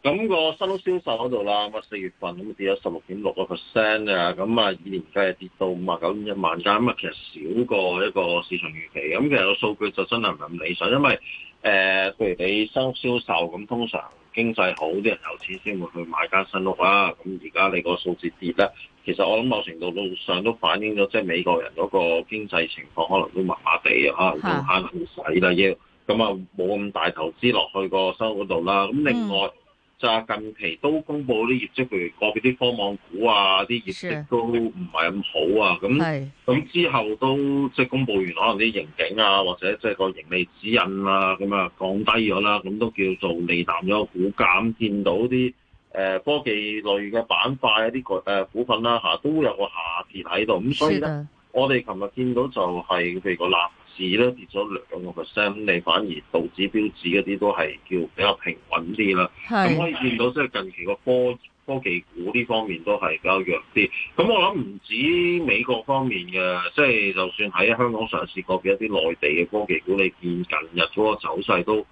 咁、個新屋銷售嗰度啦，咁啊四月份咁跌咗十六點六個 percent 啊，咁啊二年計跌到五十九點一萬間，咁啊其實少過一個市場預期。咁其實個數據就真係唔係咁理想，因為誒、呃，譬如你新屋銷售咁，通常經濟好啲人有錢先會去買間新屋啦。咁而家你個數字跌咧，其實我諗某程度上都反映咗，即係美國人嗰個經濟情況可能都麻麻地啊，可能慳去使啦，要咁啊冇咁大投資落去個新屋嗰度啦。咁另外、嗯。就是、近期都公布啲業績，譬如個別啲科網股啊，啲業績都唔係咁好啊。咁咁之後都即、就是、公布完，可能啲盈警啊，或者即係個盈利指引啊，咁啊降低咗啦。咁都叫做利淡咗個股價。咁見到啲誒、呃、科技類嘅板塊一啲個股份啦、啊、都有個下跌喺度。咁所以咧，我哋琴日見到就係、是、譬如、那個納。市咧跌咗兩個 percent，你反而道指、標指嗰啲都係叫比較平穩啲啦。咁可以見到，即係近期個科科技股呢方面都係比較弱啲。咁我諗唔止美國方面嘅，即係就算喺香港上市個別一啲內地嘅科技股，你見近日嗰個走勢都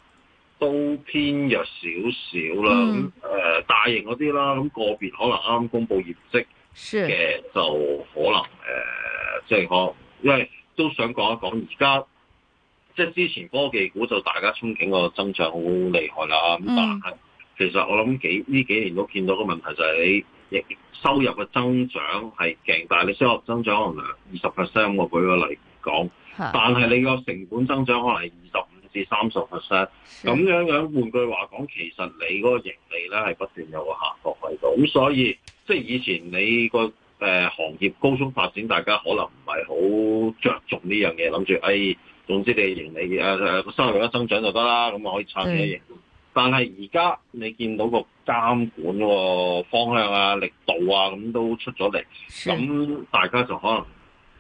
都偏弱少少啦。咁誒大型嗰啲啦，咁個別可能啱公布業績嘅就可能誒，即係可因為。都想講一講，而家即係之前科技股就大家憧憬個增長好厲害啦。咁、嗯、但係其實我諗幾呢幾年都見到個問題就係你收入嘅增長係勁，但係你收入增長可能二十 percent，我舉個例嚟講，但係你個成本增長可能係二十五至三十 percent。咁樣樣換句話講，其實你嗰個盈利咧係不斷有個下降喺度。咁所以即係以前你個。誒、呃、行業高速發展，大家可能唔係好着重呢樣嘢，諗住誒，總之你盈利誒誒個收入一增長就得啦，咁可以撐你嘢。但係而家你見到個監管個方向啊、力度啊，咁都出咗嚟，咁大家就可能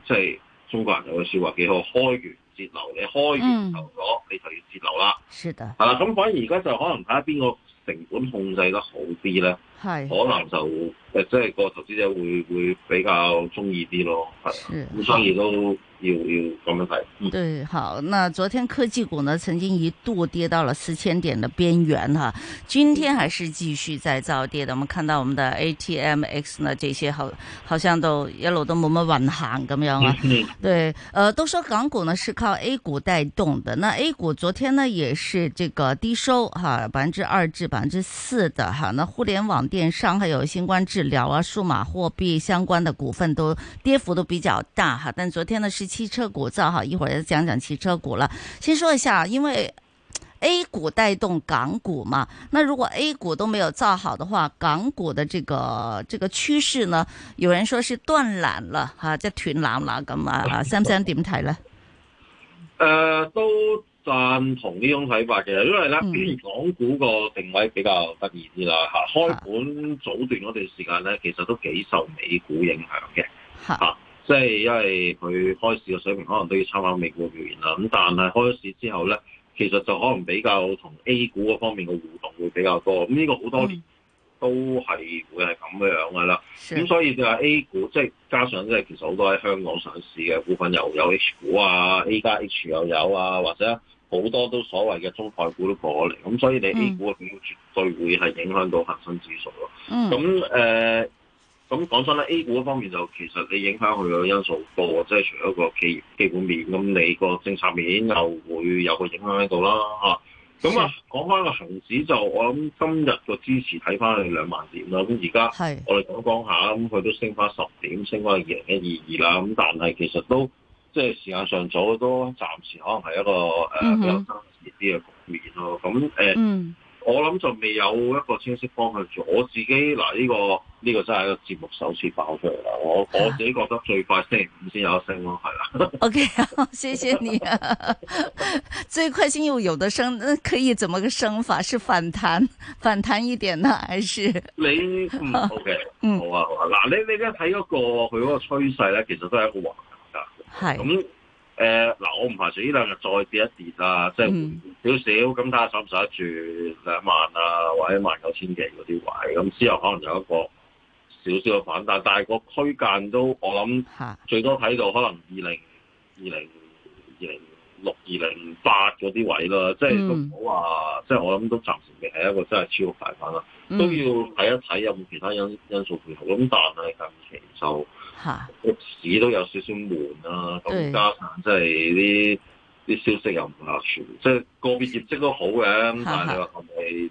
即係中國人有個說話幾好，開源節流。你開源頭咗，你就要節流啦。是的。係啦，咁反而而家就可能睇下邊個成本控制得好啲咧。係，可能就誒，即係個投資者會會比較中意啲咯，係，咁所以都。有有講得快，對，好，那昨天科技股呢，曾經一度跌到了四千點的邊緣哈，今天還是繼續在造跌的。我們看到我們的 ATMX 呢，這些好好像都一路都冇乜運行咁樣啊。 對，呃，都說港股呢是靠 A 股帶動的，那 A 股昨天呢也是這個低收哈，百分之二至百分之四的哈。那互聯網電商還有新冠治療啊、數碼貨幣相關的股份都跌幅都比較大哈，但昨天呢是。汽車股造好，一會兒再講講汽車股啦。先說一下，因為 A 股帶動港股嘛，那如果 A 股都沒有造好的話，港股的這個這個趨勢呢，有人說是斷纜了，吓，即係斷纜啦，咁啊，Sam，Sam 點睇咧？誒、啊，都贊同呢種睇法嘅，因為咧港股個定位比較得意啲啦，吓、嗯，開盤早段嗰段時間咧，其實都幾受美股影響嘅，吓。即係因為佢開市嘅水平可能都要參考美股嘅表現啦，咁但係開市之後咧，其實就可能比較同 A 股嗰方面嘅互動會比較多，咁呢個好多年都係會係咁樣嘅啦。咁所以就係 A 股，即係加上即係其實好多喺香港上市嘅股份又有 H 股啊，A 加 H 又有啊，或者好多都所謂嘅中概股都過嚟，咁所以你 A 股入邊絕對會係影響到恒生指數咯。咁誒。咁講真咧，A 股方面就其實你影響佢嘅因素多，即、就、係、是、除咗個企業基本面，咁你個政策面又會有個影響喺度啦吓咁啊，講開個恆指就，我諗今日個支持睇翻去兩萬點啦。咁而家我哋講講下，咁佢都升翻十點，升翻二零一二二啦。咁但係其實都即係、就是、時間尚早，都暫時可能係一個誒、嗯、比較爭持啲嘅局面咯。咁、嗯、我諗就未有一個清晰方向。做。我自己嗱呢、啊呢個。呢、這個真係一個節目首次爆出嚟啦！我我自己覺得最快星期五先有得升咯，係 啦、okay。O K，謝謝你。啊。 最快星期五有得升，可以怎麼個升法？是反彈，反彈一點呢，還是你？O、okay, K，好、啊嗯、好啊，好啊，嗱，你你而家睇嗰個佢嗰個趨勢咧，其實都係一個橫噶。係。咁誒嗱，我唔排除呢兩日再跌一跌啊，即係、嗯、少少咁睇下守唔守住兩萬啊，或者萬九千幾嗰啲位，咁之後可能有一個。少少嘅反彈，但係個區間都我諗最多睇到可能二零二零二零六二零八嗰啲位啦，即、嗯、係、就是、都唔好話，即、就、係、是、我諗都暫時未係一個真係超大反啦、嗯。都要睇一睇有冇其他因因素配合。咁但係近期就市都有少少悶啦、啊，咁加上即係啲啲消息又唔客全，即、就、係、是、個別業績都好嘅，咁但係你話係咪？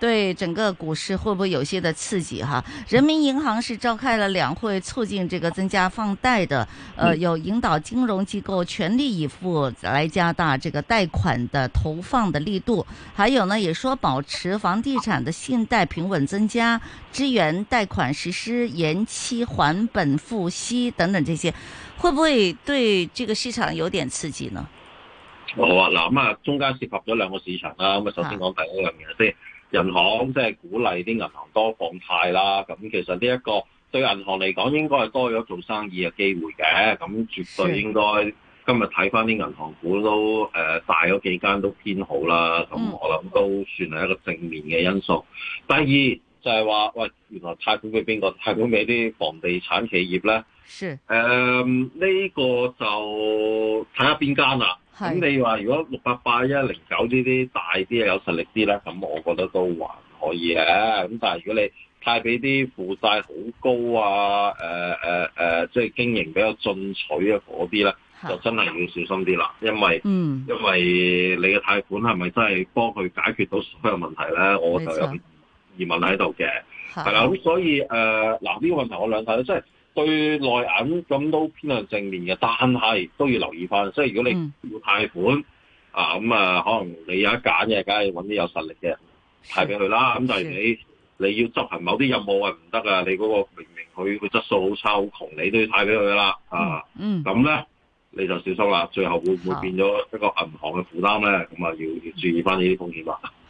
對整個股市會不會有些的刺激哈？人民銀行是召開了兩會，促進這個增加放貸的，呃，有引導金融機構全力以赴來加大這個貸款的投放的力度。還有呢，也說保持房地產的信貸平穩增加，支援貸款實施延期還本付息等等這些，會不會對這個市場有點刺激呢？好啊，嗱，咁啊，中間涉及咗兩個市場啦，咁啊，首先講第一個層面，先。銀行即係鼓勵啲銀行多放貸啦，咁其實呢一個對銀行嚟講應該係多咗做生意嘅機會嘅，咁絕對應該今日睇翻啲銀行股都誒、呃、大咗幾間都偏好啦，咁我諗都算係一個正面嘅因素、嗯。第二就係話，喂，原來貸款俾邊個？貸款俾啲房地產企業咧？是呢、呃呢個就睇下邊間啦。看看咁你話如果六百八一零九呢啲大啲啊有實力啲咧，咁我覺得都還可以嘅。咁但係如果你貸俾啲負債好高啊，誒誒誒，即、呃、係、呃即係、經營比較進取啊嗰啲咧，就真係要小心啲啦。因為、嗯、因為你嘅貸款係咪真係幫佢解決到所有問題咧？我就有疑問喺度嘅。係啦，咁所以誒，嗱、呃，呢個問題我兩睇都真係。即係對內銀咁都偏向正面嘅，但係都要留意翻。所以如果你要貸款，嗯、啊，咁、嗯、啊，可能你有一揀嘅，梗係搵啲有實力嘅人貸俾佢啦。咁就你你要執行某啲任務係唔得呀，你嗰個明明佢佢質素好差好窮，你都要貸俾佢噶啦啊！咁、嗯、咧你就小心啦，最後會唔會變咗一個銀行嘅負擔咧？咁啊要要注意翻呢啲風險啦。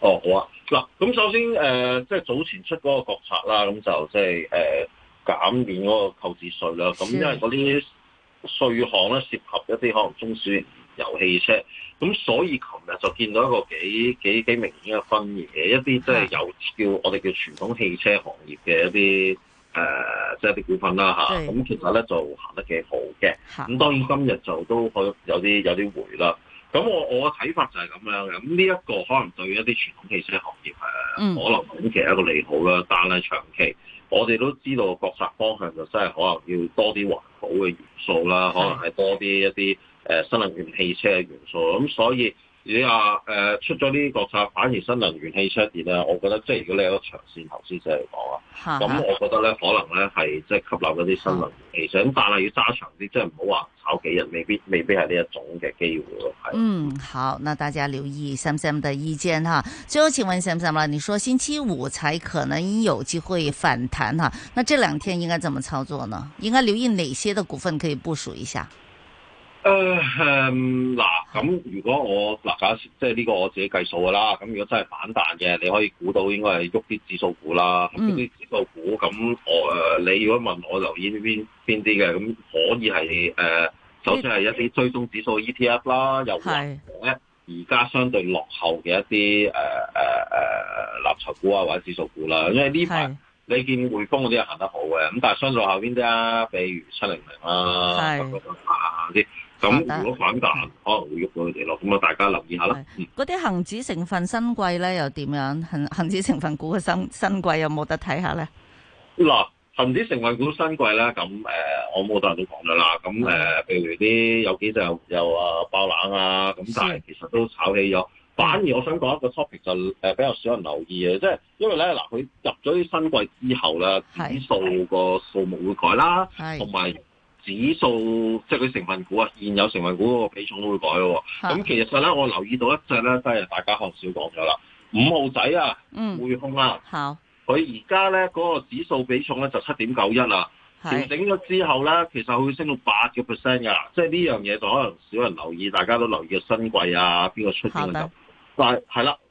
哦，好啊，嗱，咁首先，誒、呃，即、就、係、是、早前出嗰個國策啦，咁就即係誒減免嗰個購置稅啦，咁因為嗰啲稅項咧涉及一啲可能中小型油汽車，咁所以琴日就見到一個幾幾幾明顯嘅分野，一啲即係有叫我哋叫傳統汽車行業嘅一啲誒，即係啲股份啦咁、啊、其實咧就行得幾好嘅，咁當然今日就都可以有啲有啲回啦。咁我我嘅睇法就係咁樣嘅，咁呢一個可能對於一啲傳統汽車行業係、嗯、可能其實係一個利好啦，但係長期我哋都知道個國策方向就真係可能要多啲環保嘅元素啦，可能係多啲一啲誒新能源汽車嘅元素，咁所以。你、yeah, 話、呃、出咗呢啲國策，反而新能源汽車熱啊！我覺得即係如果你有個長線投資者嚟講啊，咁、嗯嗯、我覺得咧、嗯、可能咧係即係吸納嗰啲新能源汽車，但係要揸長啲，即係唔好話炒幾日，未必未必係呢一種嘅機會咯係。嗯，好，那大家留意 Sam Sam 嘅意見哈、啊。最後請問 Sam Sam 啦，你說星期五才可能有機會反彈哈、啊？那這兩天應該怎麼操作呢？應該留意哪些的股份可以部署一下？誒、uh, 嗯，嗱，咁如果我嗱，假設即係呢個我自己計數噶啦，咁如果真係反彈嘅，你可以估到應該係喐啲指數股啦，喐啲指數股。咁、嗯、我誒，你如果問我留意呢邊邊啲嘅，咁可以係誒，首先係一啲追蹤指數 ETF 啦，又或者而家相對落後嘅一啲誒誒誒，藍籌、呃、股啊或者指數股啦。因為呢排你見匯豐嗰啲又行得好嘅，咁但係相對下邊啲啊，比如七零零啦，嗰啲。啊咁如果反彈可能會喐到佢哋咯。咁啊大家留意下啦。嗰啲恒指成分新貴咧又點樣？恒恆指成分股嘅新新貴又有冇得睇下咧？嗱，恒指成分股新貴咧，咁誒、呃、我好多人都講咗啦。咁誒，譬、呃、如啲有幾隻又啊爆冷啊，咁但係其實都炒起咗。反而我想講一個 topic 就誒比較少人留意嘅，即、就、係、是、因為咧嗱，佢入咗啲新貴之後呢，指數個數目會改啦，同埋。指數即係佢成分股啊，現有成分股嗰個比重都會改喎。咁其實咧，我留意到一隻咧，都係大家可能少講咗啦。五號仔啊，匯控啦，佢而家咧嗰個指數比重咧就七點九一啦。調整咗之後咧，其實佢會升到八個 percent 嘅，即係呢樣嘢就可能少人留意，大家都留意嘅新貴啊，邊個出邊個入，但係係啦。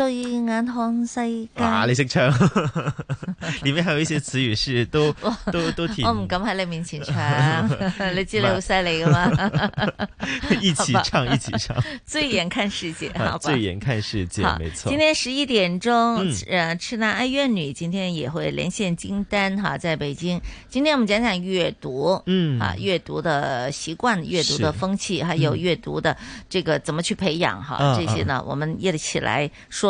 醉眼看世界，你識唱哈哈？裏面還有一些詞語是都 都都挺。我唔敢喺你面前唱，你記留晒嚟噶嘛？一起唱， 一起唱。醉 眼看世界，好吧？醉眼看世界， 世界 沒錯。今天十一點鐘，嗯，痴男愛怨女，今天也會連線金丹哈，在北京。今天我們講講閱讀，嗯，啊，閱讀的習慣、閱讀的風氣，還有閱讀的這個、嗯這個、怎麼去培養哈、啊？這些呢，啊、我們也一起來說。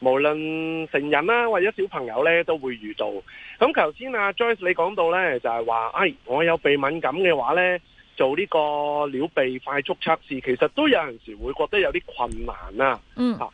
無論成人啦，或者小朋友咧，都會遇到。咁頭先啊 Joyce 你講到咧，就係話，哎，我有鼻敏感嘅話咧，做呢個撩鼻快速測試，其實都有陣時會覺得有啲困難啊。嗯。吓，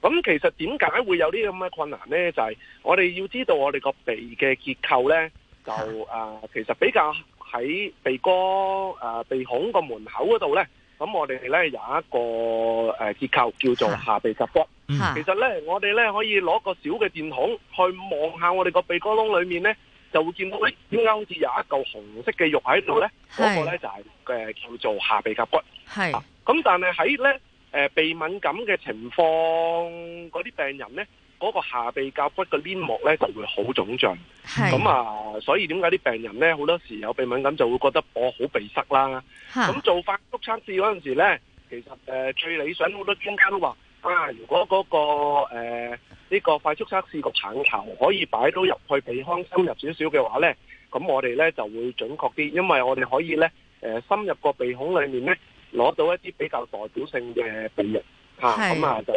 咁其實點解會有啲咁嘅困難咧？就係我哋要知道我哋個鼻嘅結構咧，就誒，其實比較喺鼻哥誒鼻孔個門口嗰度咧。咁我哋咧有一個誒結構，叫做下鼻甲骨。嗯、其實咧，我哋咧可以攞個小嘅電筒去望下我哋個鼻哥窿裏面咧，就會見到咧點解好似有一嚿紅色嘅肉喺度咧。嗰、哦嗰個咧就係、係、叫做下鼻甲骨。咁、啊、但係喺咧誒鼻敏感嘅情況嗰啲病人咧。嗰、那個下鼻甲骨嘅黏膜咧就會好腫脹，咁啊，所以點解啲病人咧好多時有鼻敏感就會覺得我好鼻塞啦。咁做快速測試嗰陣時咧，其實誒、呃、最理想好多專家都話啊，如果嗰、那個呢、呃這個快速測試嘅棒球可以擺到入去鼻腔深入少少嘅話咧，咁我哋咧就會準確啲，因為我哋可以咧誒、呃、深入個鼻孔裡面咧攞到一啲比較代表性嘅鼻液，嚇咁啊就。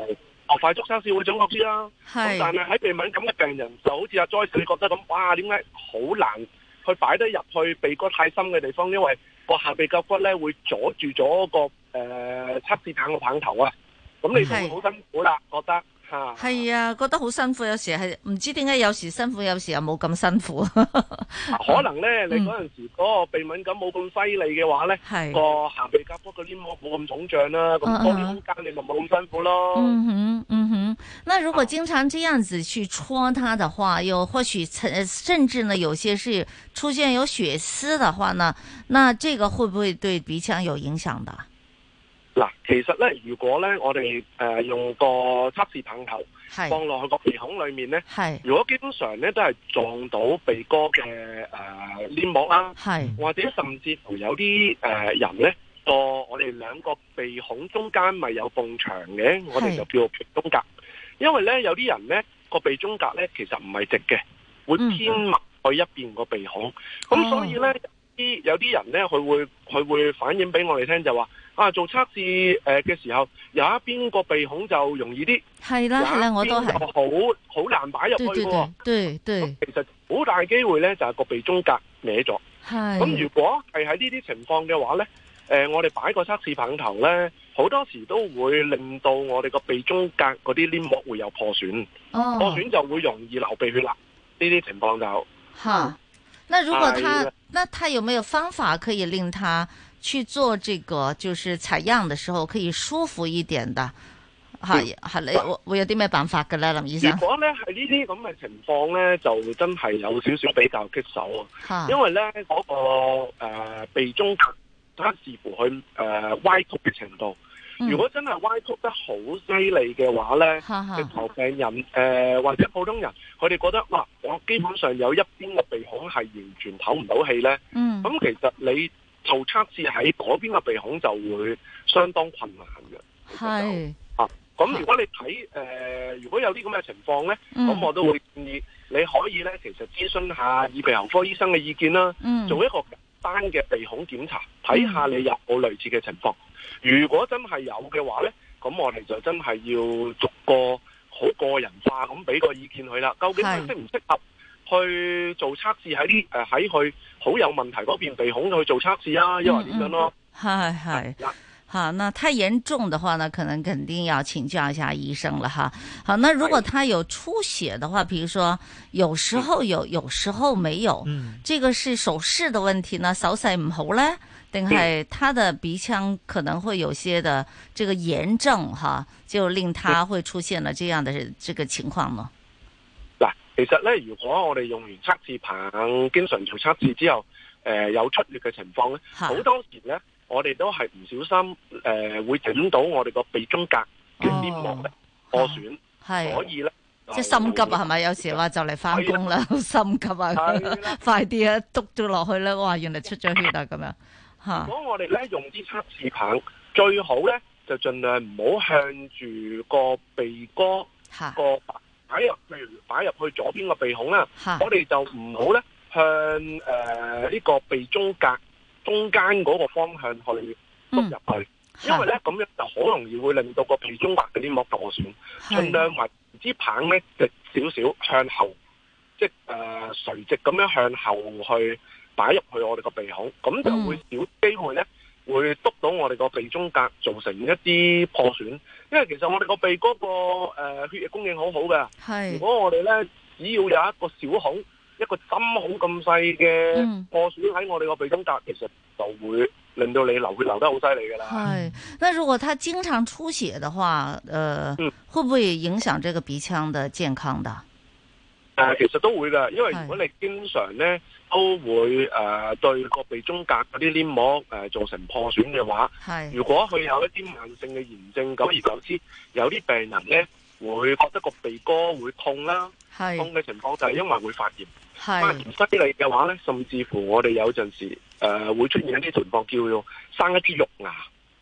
哦，快速生事會準確啲啦。咁但係喺鼻敏感嘅病人，就好似阿 Joey 你覺得咁，哇，點解好難去擺得入去鼻哥太深嘅地方，因為個下鼻甲骨咧會阻住咗個誒測試棒嘅棒頭啊。咁你就會好辛苦啦，覺得。係啊，啊，覺得好辛苦，有時係唔知點解，有時辛苦，有時又冇咁辛苦。 啊、可能咧、嗯，你嗰陣時嗰個鼻敏感冇咁犀利嘅話咧，個下鼻甲骨嗰個黏膜冇咁腫脹啦，咁空間你咪冇咁辛苦咯。嗯哼，嗯哼。那如果經常這樣子去搓它的話，啊、又或許甚至呢，有些是出現有血絲的話呢，那這個會不會對鼻腔有影響的？嗱，其實咧，如果咧，我哋誒用個測試棒頭放落去個鼻孔裏面咧，如果基本上咧都係撞到鼻哥嘅誒黏膜啦，或者甚至乎有啲誒、呃、人咧個我哋兩個鼻孔中間咪有埲牆嘅，我哋就叫鼻中隔。因為咧有啲人咧個鼻中隔咧其實唔係直嘅，會偏埋去一邊個鼻孔，咁、嗯嗯、所以咧有啲有啲人咧佢會佢會反映俾我哋聽就話。啊，做測試誒嘅時候，有一邊個鼻孔就容易啲，係啦，係啦，我都係好好難擺入去喎。對對，對，對，對，對、啊，其實好大機會咧，就係、是、個鼻中隔歪咗。係咁，如果係喺呢啲情況嘅話咧，誒、呃，我哋擺個測試棒頭咧，好多時都會令到我哋個鼻中隔嗰啲黏膜會有破損、哦，破損就會容易流鼻血啦。呢啲情況就，哈，那如果他，那他有沒有方法可以令他？去做這個就是採樣的時候可以舒服一點的，嗯、好，好咧，我有啲咩辦法，嘅呢？林醫生。如果呢係呢啲咁嘅情況呢，就真係有少少比較棘手啊。因為呢、那、嗰個誒、呃、鼻中隔，它視乎佢誒、呃、歪曲嘅程度、嗯。如果真係歪曲得好犀利嘅話呢，直頭病人誒、呃、或者普通人，佢哋覺得嗱，我基本上有一邊嘅鼻孔係完全唞唔到氣呢。嗯，咁其實你。做測試喺嗰邊嘅鼻孔就會相當困難嘅。係啊，咁如果你睇誒、呃，如果有啲咁嘅情況咧，咁、嗯、我都會建議你可以咧，其實諮詢下耳鼻喉科醫生嘅意見啦。嗯、做一個簡單嘅鼻孔檢查，睇下你有冇類似嘅情況、嗯。如果真係有嘅話咧，咁我哋就真係要逐個好個人化咁俾個意見佢啦。究竟適唔適合？去做測試喺啲誒喺佢好有問題嗰邊鼻孔去做測試啊，因為點樣咯、啊？係係。嗱， 吓，那太嚴重的話呢，可能肯定要請教一下醫生喇哈。好，那如果他有出血的話，譬如說有時候有，有時候沒有，嗯，這、嗯、個是手勢的問題呢？手勢唔好呢？定係他的鼻腔可能會有些的這個炎症哈，就令他會出現了這樣的這個情況呢？其實咧，如果我哋用完測試棒，經常做測試之後，誒、呃、有出血嘅情況咧，好多時咧，我哋都係唔小心，誒、呃、會整到我哋個鼻中隔黏膜嘅、哦、破損，係可以咧。即係心急啊，係咪？有時話就嚟翻工啦，好心急啊！快啲啊，篤咗落去咧，哇！原來出咗血啊，咁樣嚇。如果我哋咧用啲測試棒，最好咧就盡量唔好向住個鼻哥個。擺入，譬如擺入去左邊，呃個鼻孔啦，我哋就唔好咧向誒呢個鼻中隔中間嗰個方向去督入去，嗯、因為咧咁樣就好容易會令到個鼻中隔嗰啲膜破損，盡量或支棒咧直少少向後，即係誒、呃、垂直咁樣向後去擺入去我哋個鼻孔，咁就會少機會咧會督到我哋個鼻中隔造成一啲破損。其實我哋個鼻哥個誒血液供應好好嘅，如果我哋咧只要有一個小孔、一個針孔咁細嘅破損喺我哋個鼻中隔、嗯，其實就會令到你流血流得好犀利噶啦。係，那如果他經常出血的話，誒、呃嗯，會唔會影響這個鼻腔的健康的？誒、呃，其實都會噶，因為如果你經常咧。都會誒、呃、對個鼻中隔嗰啲黏膜誒造、呃、成破損嘅話，係如果佢有一啲慢性嘅炎症，久而久之，有啲病人咧會覺得個鼻哥會痛啦，痛嘅情況就係因為會發炎，發炎犀利嘅話咧，甚至乎我哋有陣時誒、呃、會出現一啲情況，叫做生一啲肉芽，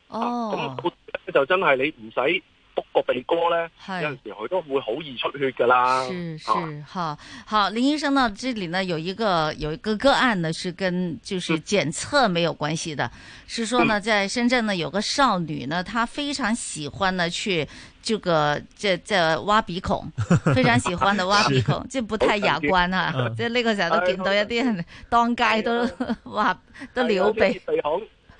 哦，咁、啊、就真係你唔使篤個鼻哥咧，有陣時佢都會好易出血噶啦。是是，好好，林醫生呢？這裡呢有一個有一個個案呢，是跟就是檢測沒有關係的是，是說呢，在深圳呢，有個少女呢，她非常喜歡呢去這個即即挖鼻孔，非常喜歡的挖鼻孔，即 不太雅觀啊！即呢、嗯、個時候都見到一啲人、嗯、當街都挖、哎、都撩、哎、鼻、哎、鼻孔。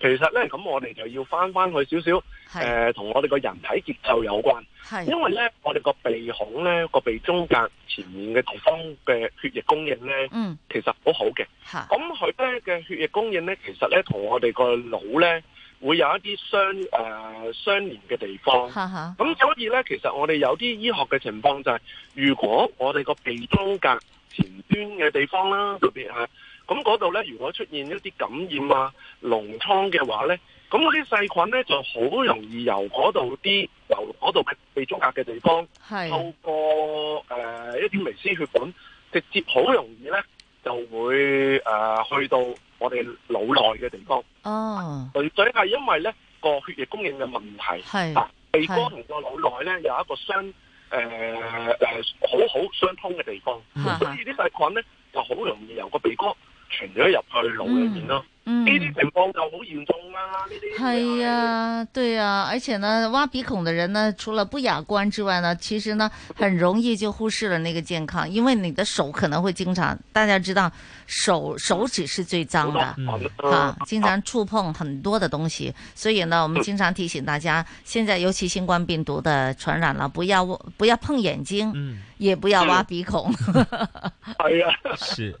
其實呢，咁我哋就要翻翻去少少，呃、同我哋個人體結構有關。係，因為呢，我哋個鼻孔呢，個鼻中隔前面嘅地方嘅血液供應呢，嗯，其實好好嘅。咁佢呢嘅血液供應呢，其實呢，同我哋個腦呢，會有一啲相、呃、相連嘅地方。咁所以呢，其實我哋有啲醫學嘅情況就係、係，如果我哋個鼻中隔前端嘅地方啦，特別係。咁嗰度咧，如果出現一啲感染啊、膿瘡嘅話咧，咁嗰啲細菌咧就好容易由嗰度啲由嗰度嘅鼻中隔嘅地方，透過、呃、一啲微絲血管，直接好容易咧就會、呃、去到我哋腦內嘅地方。哦，純粹係因為咧個血液供應嘅問題，係鼻哥同個腦內咧有一個相好好相通嘅地方，嗯、所以啲細菌咧就好容易由個鼻哥，傳咗入去腦入面咯，呢、嗯、啲、嗯、情況就好嚴重啦，呢啲係啊，呀對啊，而且呢，挖鼻孔的人呢，除了不雅觀之外呢，其實呢，很容易就忽視了那個健康，因為你的手可能會經常，大家知道手手指是最髒的啊啊，啊，經常觸碰很多的東西，所以呢，我們經常提醒大家，嗯、現在尤其新冠病毒的傳染啦，不要不要碰眼睛、嗯，也不要挖鼻孔。哎呀是。 是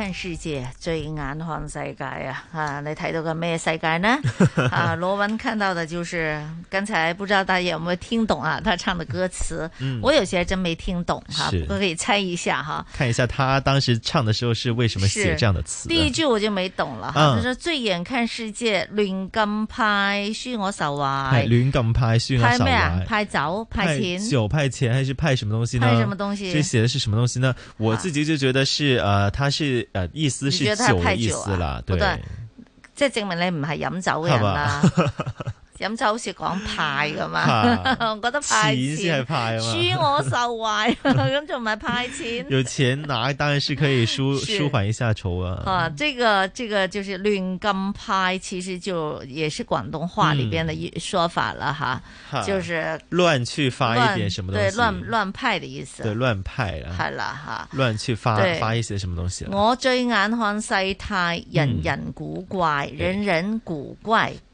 看世界，醉眼看世界啊！啊，你睇到個咩世界呢？ 啊，羅文看到的就是。剛才不知道大家有沒有聽懂啊？他唱的歌詞，嗯、我有些真沒聽懂哈，不可以猜一下哈。看一下他當時唱的時候是為什麼寫這樣的詞的。第一句我就沒懂了，嗯、哈就是醉眼看世界，亂、嗯、咁拍，須我手壞。拍亂拍，須我手壞。拍咩啊？拍酒？拍錢？酒拍錢還是拍什麼東西？拍什麼東西？這寫的是什麼東西呢？啊、我自己就覺得是呃，他是呃，意思是酒的意思了，啊、對。即證明你唔係飲酒嘅人啦。 飲酒好似講派㗎嘛呵呵，我覺得派錢先係派嘛，輸我受壞、啊，咁仲唔係派錢？有錢拿，當然是可以 是舒舒緩一下愁啊！啊，這個這個就是亂咁派，其實就也是廣東話裏邊的一說法啦、嗯，哈，就是亂去發一點什麼東西，對，亂亂派的意思，對，亂派啦，係啦，哈，亂去發發一些什麼東西。我醉眼看世態，人人古怪，嗯、人人古怪。哎人人古怪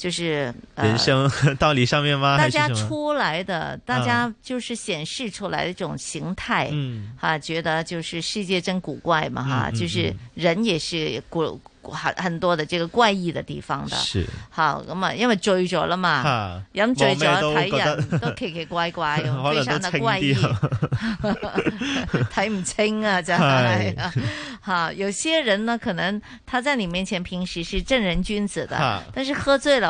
就是、呃、人生道理上面嗎？大家出來的，大家就是顯示出來的一種形態，嗯、啊，哈、啊，覺得就是世界真古怪嘛，嗯、哈、嗯，就是人也是古很、嗯、很多的這個怪異的地方的，是好，那麼因為醉咗了嘛，哈，飲醉咗，睇人都奇奇怪、怪怪，可能都輕啲，睇 唔 清啊，就係、啊，好，有些人呢，可能他在你面前平時是正人君子的，但是喝醉了。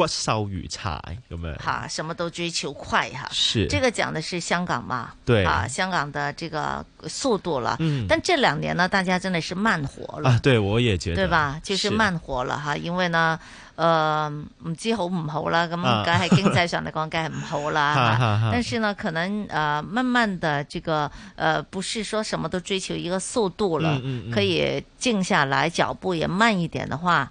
骨瘦如柴有沒有？哈，什麼都追求快哈、啊。是，這個講的是香港嘛？對啊，香港的這個速度了。嗯，但這兩年呢，大家真的是慢活了。啊，對我也覺得，對吧？就是慢活了哈，因為呢，呃，唔、嗯、知好唔好啦。咁梗係經濟上嚟講，梗係唔好啦。但是呢，可能呃，慢慢的這個呃，不是說什麼都追求一個速度了，嗯嗯嗯可以靜下來，腳步也慢一點的話。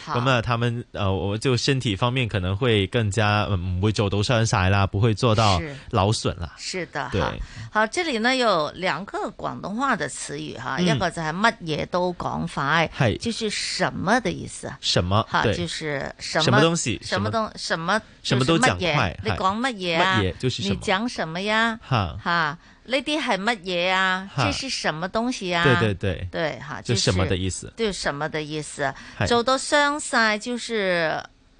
那麼他們呃，我就身體方面可能會更加嗯，不會走多少晒啦，不會做到勞損啦。是的，對。好，好這裏呢有兩個廣東話的詞語哈、嗯，一個就係乜嘢都講係，就是什麼的意思。什麼？對，就是什麼，什麼東西，什麼東什麼什麼，什麼都講快，你講乜嘢啊？你講什麼呀？哈。哈呢啲係乜嘢啊？這是什麼東西啊？對對對對，哈，就什麼的意思？對什麼的意思？做到傷晒就是。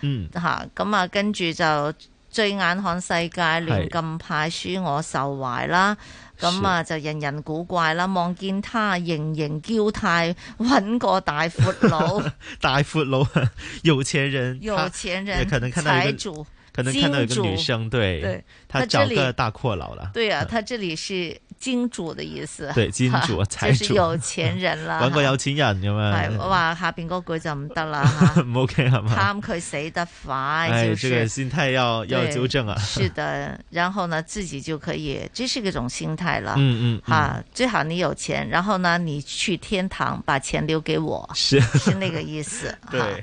嗯，吓咁啊，跟住就醉眼看世界，亂咁派書我受懷啦。咁啊，就人人古怪啦，望見他盈盈嬌態，搵個大闊佬。 大闊佬，有錢人，有錢人，財主，可能看到一個女生，對，對他，這裡他找個大闊佬啦。對啊，他這裡是。嗯金主的意思，對，金主啊，就是有錢人啦。揾個有錢人咁樣。係、啊，我話下邊嗰句就唔得啦，唔 OK 係嘛？貪佢死得快，哎、就是，這個心態要要糾正啊。是的，然後呢，自己就可以，這是一種心態了。嗯嗯，嗯，啊，最好你有錢，然後呢，你去天堂把錢留給我，是是那個意思。 對。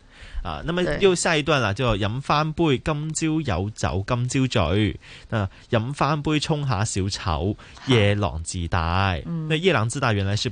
啊，咁啊要西段啦，即係話飲翻杯，今朝有酒今朝醉，啊，飲翻杯沖下小丑，夜郎自大。那夜郎自大原來是。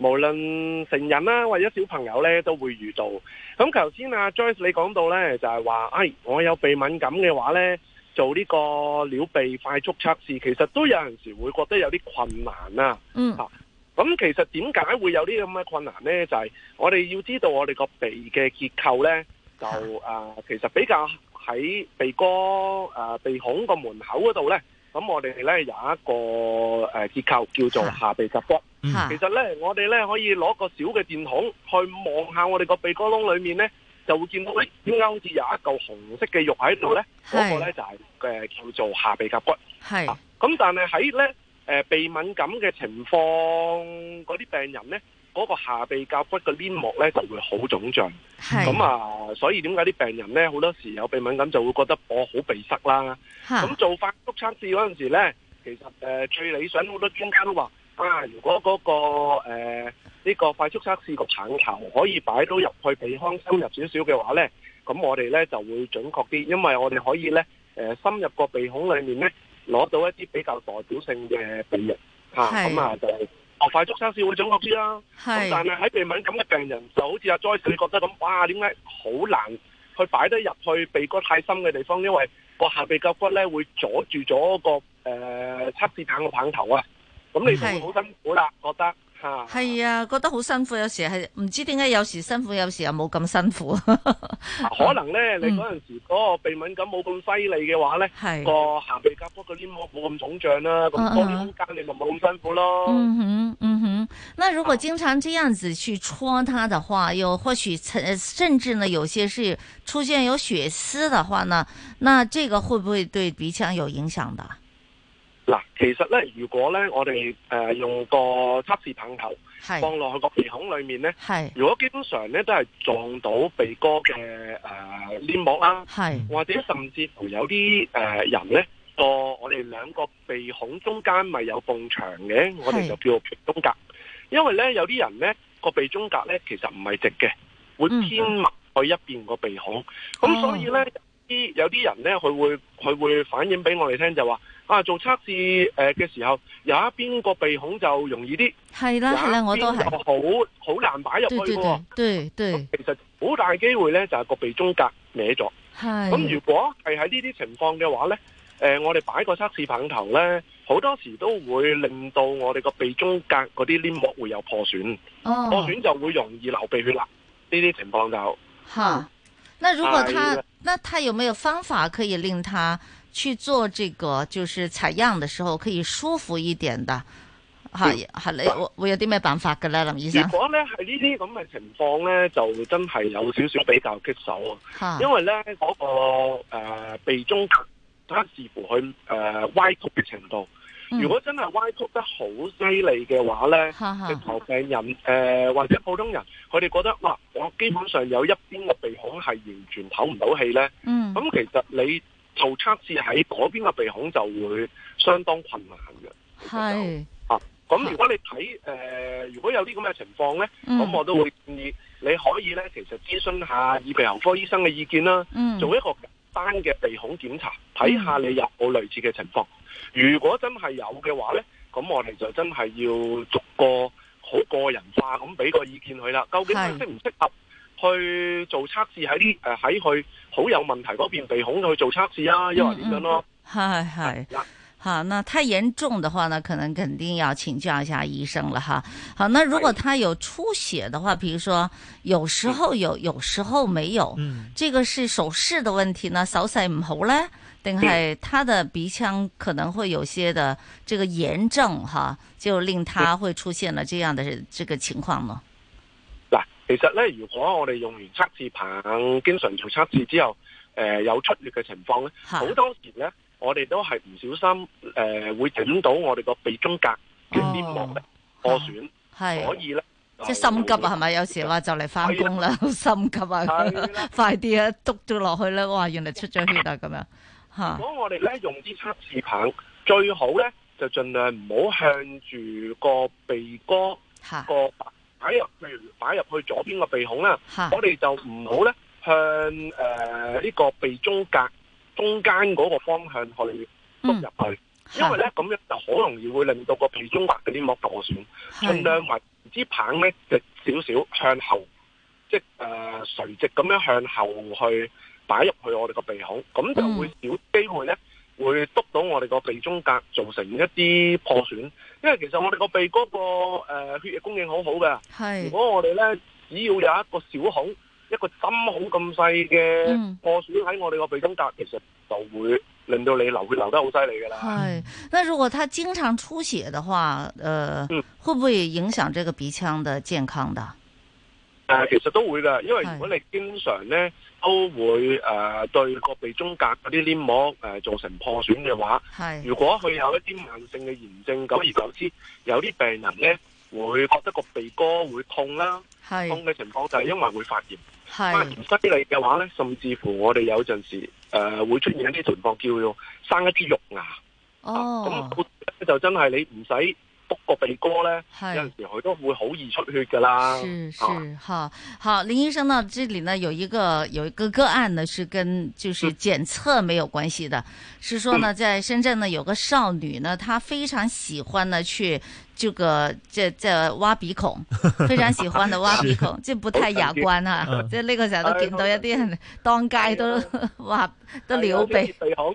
無論成人啦，或者小朋友咧，都會遇到。咁頭先啊 Joyce 你講到咧，就係話，哎，我有鼻敏感嘅話咧，做呢個撩鼻快速測試，其實都有陣時會覺得有啲困難啊。嗯。吓，咁其實點解會有啲咁嘅困難咧？就係我哋要知道我哋個鼻嘅結構咧，就誒其實比較喺鼻哥誒鼻孔個門口嗰度咧。咁我哋咧有一個誒、呃、結構叫做下鼻甲骨。 其實咧，我哋咧可以攞個小嘅電筒去望下我哋個鼻哥窿裏面咧，就會見到誒，點解好似有一嚿紅色嘅肉喺度咧？嗰、那個咧 就係、是、誒、呃、叫做下鼻甲骨。係。咁、 啊、但係喺咧誒鼻敏感嘅情況嗰啲病人咧。嗰、那個下鼻甲骨嘅黏膜咧就會好腫脹，咁啊，所以點解啲病人咧好多時有鼻敏感就會覺得我好鼻塞啦。咁做快速測試嗰陣時咧，其實誒、呃、最理想很中間說，好多專家都話啊，如果嗰、那個呢、呃這個快速測試個棒球可以擺到入去鼻腔深入少少嘅話咧，咁我哋咧就會準確啲，因為我哋可以咧誒、呃、深入個鼻孔裡面咧攞到一啲比較代表性嘅鼻液，咁啊，啊就。喉塊燭生先會準確啲啦，咁但係喺鼻敏感嘅病人，就好似阿 Joyce 你覺得咁，哇，點解好難去擺得入去鼻哥太深嘅地方，因為個下鼻甲骨咧會阻住咗個誒測試棒嘅棒頭啊，咁你會好辛苦啦，覺得。係啊，啊，覺得好辛苦，有時係唔知點解，有時辛苦，有時又冇咁辛苦。 啊、可能咧、嗯，你嗰陣時嗰個鼻敏感冇咁犀利嘅話咧，個下鼻甲骨嘅黏膜冇咁腫脹啦，咁多空間你咪冇咁辛苦咯。嗯哼，嗯哼。那如果經常這樣子去搓它的話，又或許甚至呢，有些是出現有血絲的話呢，那這個會不會對鼻腔有影響的？嗱，其實咧，如果咧，我哋誒、呃、用個測試棒頭放落去個鼻孔裏面咧，如果經常咧都係撞到鼻哥嘅誒黏膜啦，或者甚至乎有啲誒、呃、人咧，個我哋兩個鼻孔中間咪有埲牆嘅，我哋就叫鼻中隔。因為咧有啲人咧個鼻中隔咧其實唔係直嘅，會偏埋去一邊個鼻孔，咁、嗯嗯、所以咧、oh. 有啲有啲人咧佢會佢會反映俾我哋聽就話。啊！做測試誒嘅時候，有一邊個鼻孔就容易啲，係啦係啦，我都係好好難擺入去喎。對對，對，對，對對，其實好大機會咧，就係個鼻中隔歪咗。係咁，如果係喺呢啲情況嘅話咧，誒，我哋擺個測試棒頭咧，好多時都會令到我哋個鼻中隔嗰啲黏膜會有破損，哦，破損就會容易流鼻血啦。呢啲情況就好。嗱，如果佢，那佢有沒有方法可以令佢？去做這個就是採樣的時候可以舒服一點的，嗯、好，好，你會有啲咩辦法，嘅啦，林醫生。如果咧係呢啲咁嘅情況咧，就真係有少少比較棘手啊。因為咧、那、嗰個誒、呃、鼻中隔，睇視乎佢誒、呃、歪曲嘅程度、嗯。如果真係歪曲得好犀利嘅話咧，直頭病人誒、呃、或者普通人，佢哋覺得啊，我基本上有一邊嘅鼻孔係完全唞唔到氣咧。嗯，咁其實你。做測試喺嗰邊個鼻孔就會相當困難嘅。係啊，咁如果你睇誒、呃，如果有啲咁嘅情況咧，咁、嗯、我都會建議你可以咧，其實諮詢下耳鼻喉科醫生嘅意見啦，嗯、做一個簡單嘅鼻孔檢查，睇下你有冇類似嘅情況、嗯。如果真係有嘅話咧，咁我哋就真係要逐個好個人化咁俾個意見佢啦。究竟適唔適合？去做測試喺啲誒喺佢好有問題嗰邊鼻孔去做測試啊，抑或點樣咯、啊？係係嗱吓，那太嚴重的話呢，可能肯定要請教一下醫生了哈。好，那如果他有出血的話，譬如說有時候有，有時候沒有，嗯，這個是手勢的問題呢？手勢唔好呢？定係他的鼻腔可能會有些的這個炎症哈、啊，就令他會出現了這樣的這個情況呢？其實咧，如果我哋用完測試棒，經常做測試之後，誒、呃、有出血嘅情況咧，好多時咧，我哋都係唔小心，誒、呃、會整到我哋個鼻中隔嘅黏膜破損，係、哦、可以咧，即係心急 啊，係咪？有時話就嚟翻工啦，心急啊，快啲啊，督咗落去啦，哇，原來出咗血啊咁樣吓。如果我哋咧用啲測試棒，最好咧就盡量唔好向住個鼻哥個。擺入，譬如擺入去左邊個鼻孔啦，我哋就唔好咧向誒呢、呃呢個鼻中隔中間嗰個方向去篤入去，嗯、因為咧咁樣就好容易會令到個鼻中隔嗰啲膜破損。盡量話唔知棒咧，就少少向後，即係、呃、誒垂直咁樣向後去擺入去我哋個鼻孔，咁就會少機會咧會篤到我哋個鼻中隔造成一啲破損。因為其實我哋個鼻哥個誒血液供應很好好嘅，如果我哋咧只要有一個小孔、一個針孔咁細嘅破損喺我哋個鼻中隔、嗯，其實就會令到你流血流得好犀利噶啦。係。那如果他經常出血的話，誒、呃嗯，會不會影響這個鼻腔的健康的？誒、呃，其實都會噶，因為如果你經常咧。都會誒、呃、對個鼻中隔嗰啲黏膜誒造、呃、成破損嘅話，係如果佢有一啲慢性嘅炎症，久而久之有啲病人咧會覺得個鼻哥會痛啦，痛嘅情況就係因為會發炎，發炎犀利嘅話咧，甚至乎我哋有陣時誒、呃、會出現一啲情況，叫做生一啲肉芽。哦、oh. 啊，咁就真係你唔使。篤個鼻哥咧，有陣時佢都會好易出血㗎喇。係係，哈好，好，林醫生呢？這裡呢有一個有一個個案呢，係跟就是檢測沒有關係的，嗯、係說呢，在深圳呢，有個少女呢，她非常喜歡呢去這個這這挖鼻孔，非常喜歡的挖鼻孔，即 係、啊、不太雅觀啊！即係呢個時候都見到一啲人 當街都挖、哎、都撩鼻、哎、鼻孔。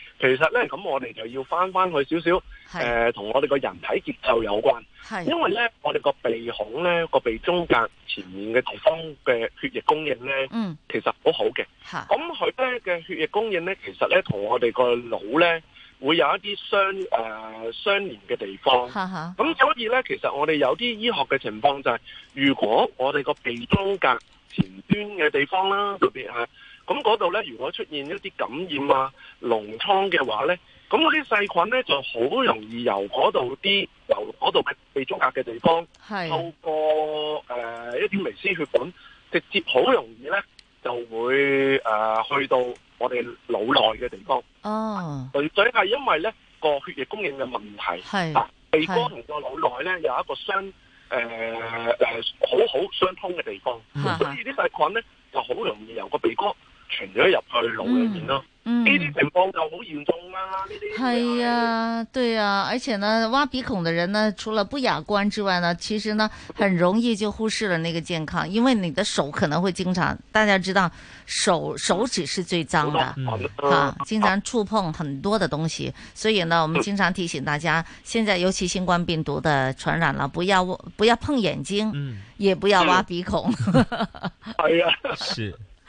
其實呢，咁我哋就要翻翻去少少，呃、同我哋個人體結構有關。因為呢，我哋個鼻孔呢，個鼻中隔前面嘅地方嘅血液供應呢，嗯，其實好好嘅。咁佢呢嘅血液供應呢，其實呢，同我哋個腦呢，會有一啲相、呃、相連嘅地方。咁所以呢，其實我哋有啲醫學嘅情況就係、是，如果我哋個鼻中隔前端嘅地方啦，特別係。咁嗰度咧，如果出現一啲感染啊、膿瘡嘅話咧，咁嗰啲細菌咧就好容易由嗰度啲由嗰度嘅鼻中隔嘅地方，透過、呃、一啲微絲血管，直接好容易咧就會、呃、去到我哋腦內嘅地方。哦，對，係因為咧個血液供應嘅問題，係鼻哥同個腦內咧有一個相好好、呃呃、相通嘅地方，是是所以啲細菌咧就好容易由個鼻哥。傳咗入去腦入面咯，呢、嗯、啲、嗯、情況就好嚴重啦、啊。呢啲係啊，對啊，而且呢，挖鼻孔的人呢，除了不雅觀之外呢，其實呢，很容易就忽視了那個健康，因為你的手可能會經常，大家知道手手指是最髒的、嗯，啊，經常觸碰很多的東西，所以呢，我們經常提醒大家，嗯、現在尤其新冠病毒的傳染了，不要不要碰眼睛、嗯，也不要挖鼻孔。哎呀是。 是